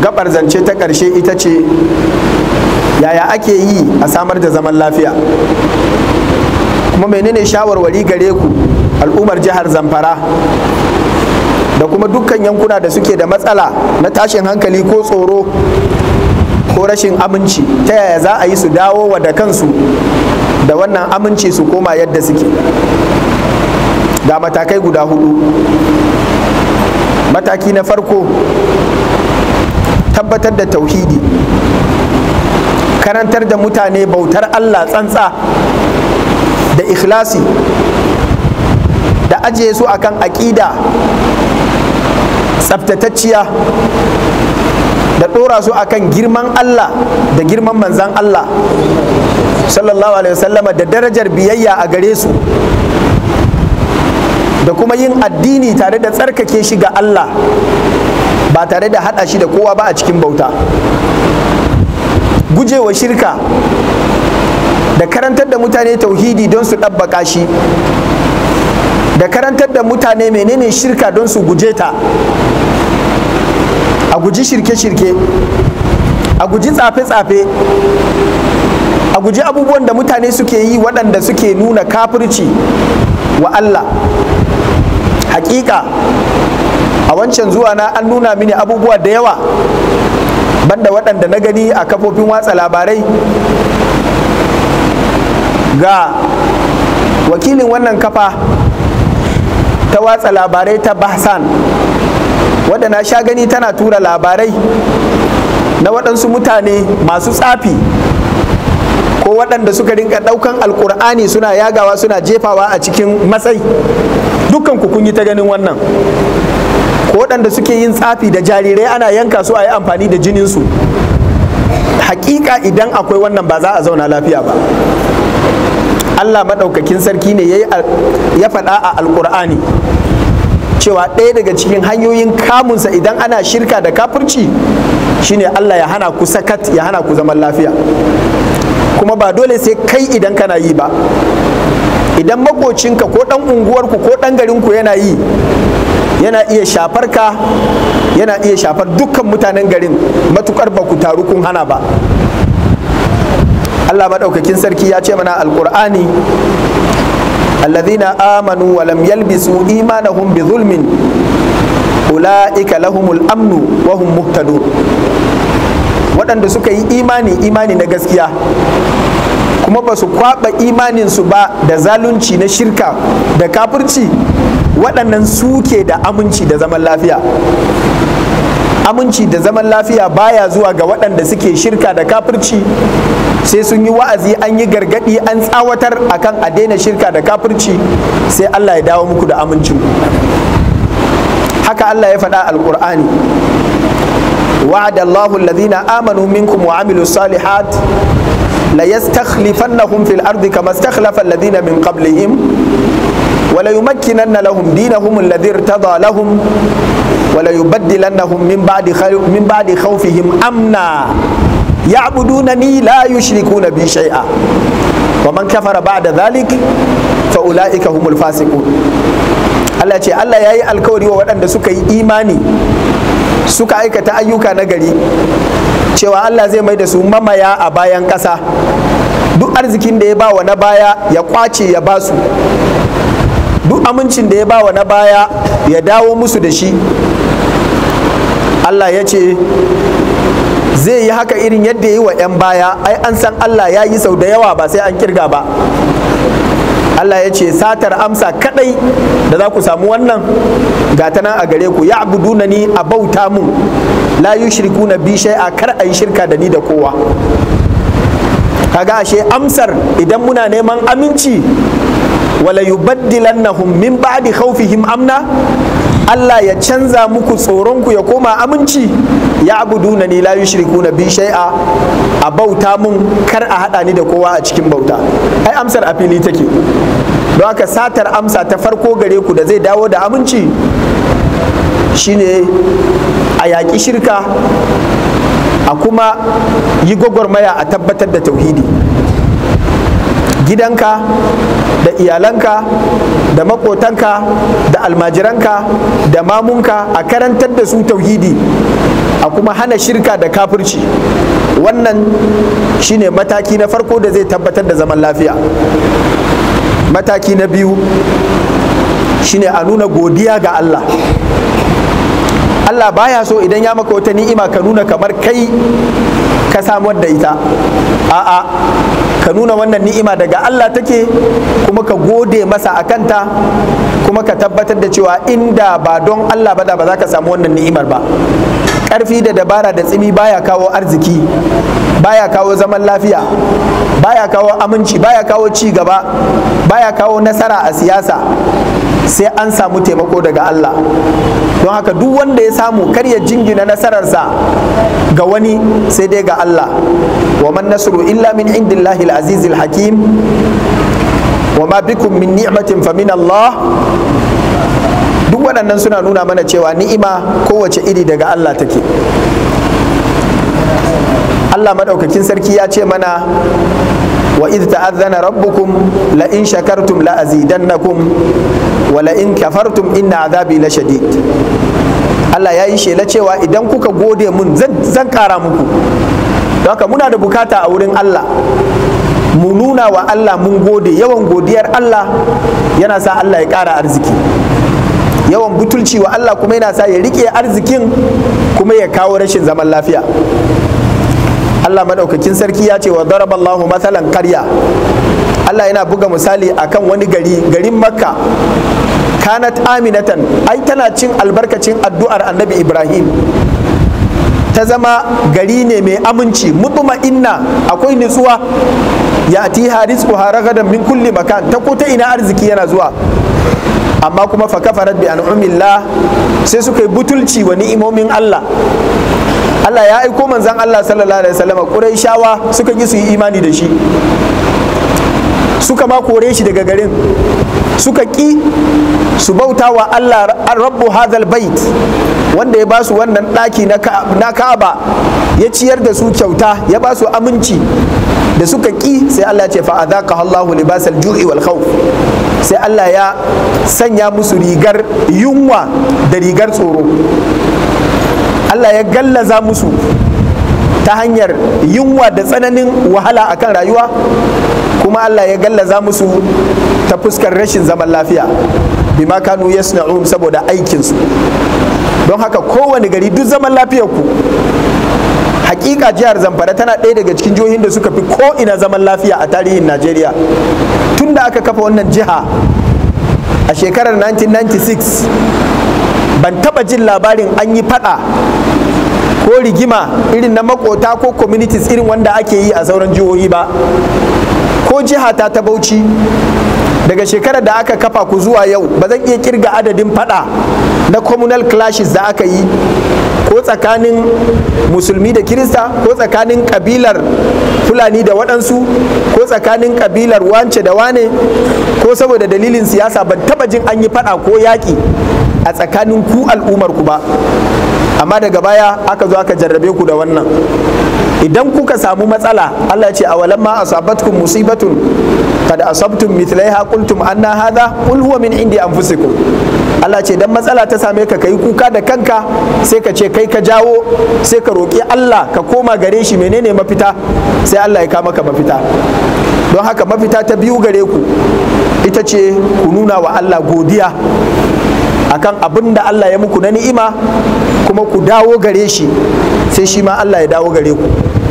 gabar zance ta ƙarshe ita ce yaya ake yi a samar da zaman lafiya kuma menene shawarwari gare ku al'ummar jihar zamfara da kuma dukkan yankuna da suke da matsala na tashin hankali ko tsoro ko rashin aminci ta yaya za a yi su dawo wa da kansu da wannan aminci su koma yadda suke ga matakai guda hudu mataki na farko tabbatar da tauhidi karantar da mutane bautar allah tsantsa da ikhlasi da ajiye su akan aƙida tsaftatacciya da ɗora su akan girman allah da girman manzan allah sallallahu alaihi wasallama da darajar biyayya a gare su da kuma yin addini tare da tsarkake shi ga allah ba tare da haɗa shi da kowa ba a cikin bauta gujewa shirka da karantar da mutane tauhidi don su ɗabbaka shi da karantar da mutane menene shirka don su guje ta a guji shirke-shirke a guji tsafe-tsafe a guji abubuwan da mutane suke yi waɗanda suke nuna kafirci wa Allah hakika a wancan zuwa na an nuna mini abubuwa da yawa banda waɗanda na gani a kafofin watsa labarai ga wakilin wannan kafa ta watsa labarai ta bahsan wadda na sha gani tana tura labarai na waɗansu mutane masu tsafi ko waɗanda suka rinka ɗaukan alkur'ani suna yagawa suna jefawa a cikin matsayi dukkan ku kun yi ta ganin wannan ko waɗanda suke yin tsafi da jarirai ana yanka su a yi amfani da jinin su. hakika idan akwai wannan ba za a zauna lafiya ba Allah maɗaukakin sarki ne ya faɗa a alƙur'ani cewa ɗaya daga cikin hanyoyin kamunsa idan ana shirka da kafirci shine Allah ya hana ku sakat ya hana ku zaman lafiya kuma ba dole sai kai idan kana yi ba idan makocinka ko ɗan unguwarku ko ɗan garinku yana yi yana iya shafar ka yana iya shafar dukkan mutanen garin matukar ba ku taru kun hana ba Allah maɗaukakin sarki ya ce mana alkur'ani alladhina amanu wa lam yalbisu imanahum bi zulmin ula'ika lahumul amnu wa hum muhtadun waɗanda suka yi imani imani na gaskiya kuma ba su kwaɓa imaninsu ba da zalunci na shirka da kafirci waɗannan suke da aminci da zaman lafiya aminci da zaman lafiya baya zuwa ga waɗanda suke shirka da kafirci sai sun yi wa'azi an yi gargaɗi an tsawatar akan a daina shirka da kafirci sai Allah ya dawo muku da amincin haka Allah ya faɗa alƙur'ani وعد الله الذين آمنوا منكم وعملوا الصالحات ليستخلفنهم في الأرض كما استخلف الذين من قبلهم wala yumakkinanna lahum dinahum alladhi irtada lahum wala yubaddilannahum min ba'di min ba'di khawfihim amna ya'budunani la yushrikuna bi shay'a wa man kafara ba'da dhalik fa ulaika humul fasiqun Allah ce Allah ya yi alkawari wa waɗanda suka yi imani suka aikata ayyuka na gari cewa Allah zai mai da su mamaya a bayan ƙasa duk arzikin da ya ba wa na baya ya kwace ya basu. duk amincin da ya bawa na baya ya dawo musu da shi Allah ya ce zai yi haka irin yadda ya yi wa 'yan baya ai an san Allah ya yi sau da yawa ba sai an kirga ba Allah ya ce satar amsa kadai da za ku samu wannan gata nan a gare ku ya abuduna ni a bauta mun Layu shirku na bi shai a kar a yi shirka da ni da kowa kaga ashe amsar idan muna neman aminci wala hummin ba ba'di khawfihim amna Allah ya canza muku tsoronku ya koma aminci ya abuduna ni layu shirku na bi shay'a a bauta mun kar a hada ni da kowa a cikin bauta ai amsar a fili take don haka satar amsa ta farko gare ku da zai dawo da aminci shine a yaƙi shirka a kuma yi gwagwarmaya a tabbatar da tauhidi gidanka da iyalanka da makotanka da almajiranka da mamunka a karantar da su tauhidi a kuma hana shirka da kafirci wannan shine mataki na farko da zai tabbatar da zaman lafiya mataki na biyu shine a nuna godiya ga Allah Allah baya so idan ya maka wata ni'ima ka nuna kamar kai ka samar da ita a'a ka nuna wannan ni'ima daga Allah take kuma ka gode masa a kanta kuma ka tabbatar da cewa inda ba don Allah ba da ba za ka samu wannan ni'imar ba ƙarfi da dabara da tsimi baya kawo arziki baya kawo zaman lafiya baya kawo aminci baya kawo ci gaba baya kawo nasara a siyasa sai an samu taimako daga Allah don haka duk wanda ya samu kar ya jingina nasararsa ga wani sai dai ga Allah wa man nasru illa min indillahi al-azizil hakim wa ma bikum min ni'matin fa min Allah duk waɗannan suna nuna mana cewa ni'ima kowace iri daga Allah take Allah madaukakin sarki ya ce mana wa idh ta'azzana rabbukum la in shakartum la azidannakum wala in kafartum inna azabi la shadid Allah ya yi shela cewa idan kuka gode mun zan kara muku haka muna da bukata a wurin Allah mu nuna wa Allah mun gode yawan godiyar Allah yana sa Allah ya kara arziki yawan butulci wa Allah kuma yana sa ya rike arzikin kuma ya kawo rashin zaman lafiya Allah madaukakin sarki ya ce wa daraballahu mathalan karya Allah yana buga misali akan wani gari garin Makka kanat aminatan ai tana cin albarkacin addu'ar annabi ibrahim ta zama gari ne mai aminci mutuma inna akwai nutsuwa ya ti haris ko haragadan min kulli makan ta ko ta ina arziki yana zuwa amma kuma fa kafarat bi an'umillah sai suka yi butulci wa ni'imomin Allah Allah ya aiko manzon Allah sallallahu alaihi wasallam Quraishawa suka yi su yi imani da shi suka ma kore shi daga garin suka ki su bauta wa Allah rabbu hadal bait wanda ya basu wannan ɗaki na ka'aba ya ciyar da su kyauta ya basu aminci da suka ki? sai Allah ce fa adaka Allahu libasal ju'i wal khawf sai Allah ya sanya musu rigar yunwa da rigar tsoro Allah ya gallaza musu ta hanyar yunwa da tsananin wahala akan rayuwa kuma Allah ya gallaza musu ta fuskar rashin zaman lafiya bima kanu yasna'un saboda aikinsu don haka kowane gari duk zaman lafiyar ku hakika jihar zamfara tana ɗaya daga cikin jihohin da suka fi ko ina zaman lafiya a tarihin najeriya tun da aka kafa wannan jiha a shekarar 1996 ban taba jin labarin an yi fada ko rigima irin na makota ko communities irin wanda ake yi a sauran jihohi ba ko jiha ta ta bauchi daga shekarar da aka kafa ku zuwa yau ba zan iya kirga adadin fada na communal clashes da aka yi ko tsakanin musulmi da kirista ko tsakanin kabilar fulani da waɗansu ko tsakanin kabilar wance da wane ko saboda dalilin siyasa ban taba jin an yi fada ko yaƙi a tsakanin ku al'umar ku ba amma daga baya aka zo aka jarrabe ku da wannan idan kuka samu matsala Allah ya ce awalamma asabatkum musibatun kad asabtum mithlaiha qultum anna hadha qul huwa min indi anfusikum Allah ce dan matsala ta same ka kai kuka da kanka sai ka ce kai ka jawo sai ka roki Allah ka koma gare shi menene mafita sai Allah ya kama ka mafita don haka mafita ta biyu gare ku ita ce ku nuna wa Allah godiya akan abin da Allah ya muku na ni'ima kuma ku dawo gare shi sai shi ma Allah ya dawo gare ku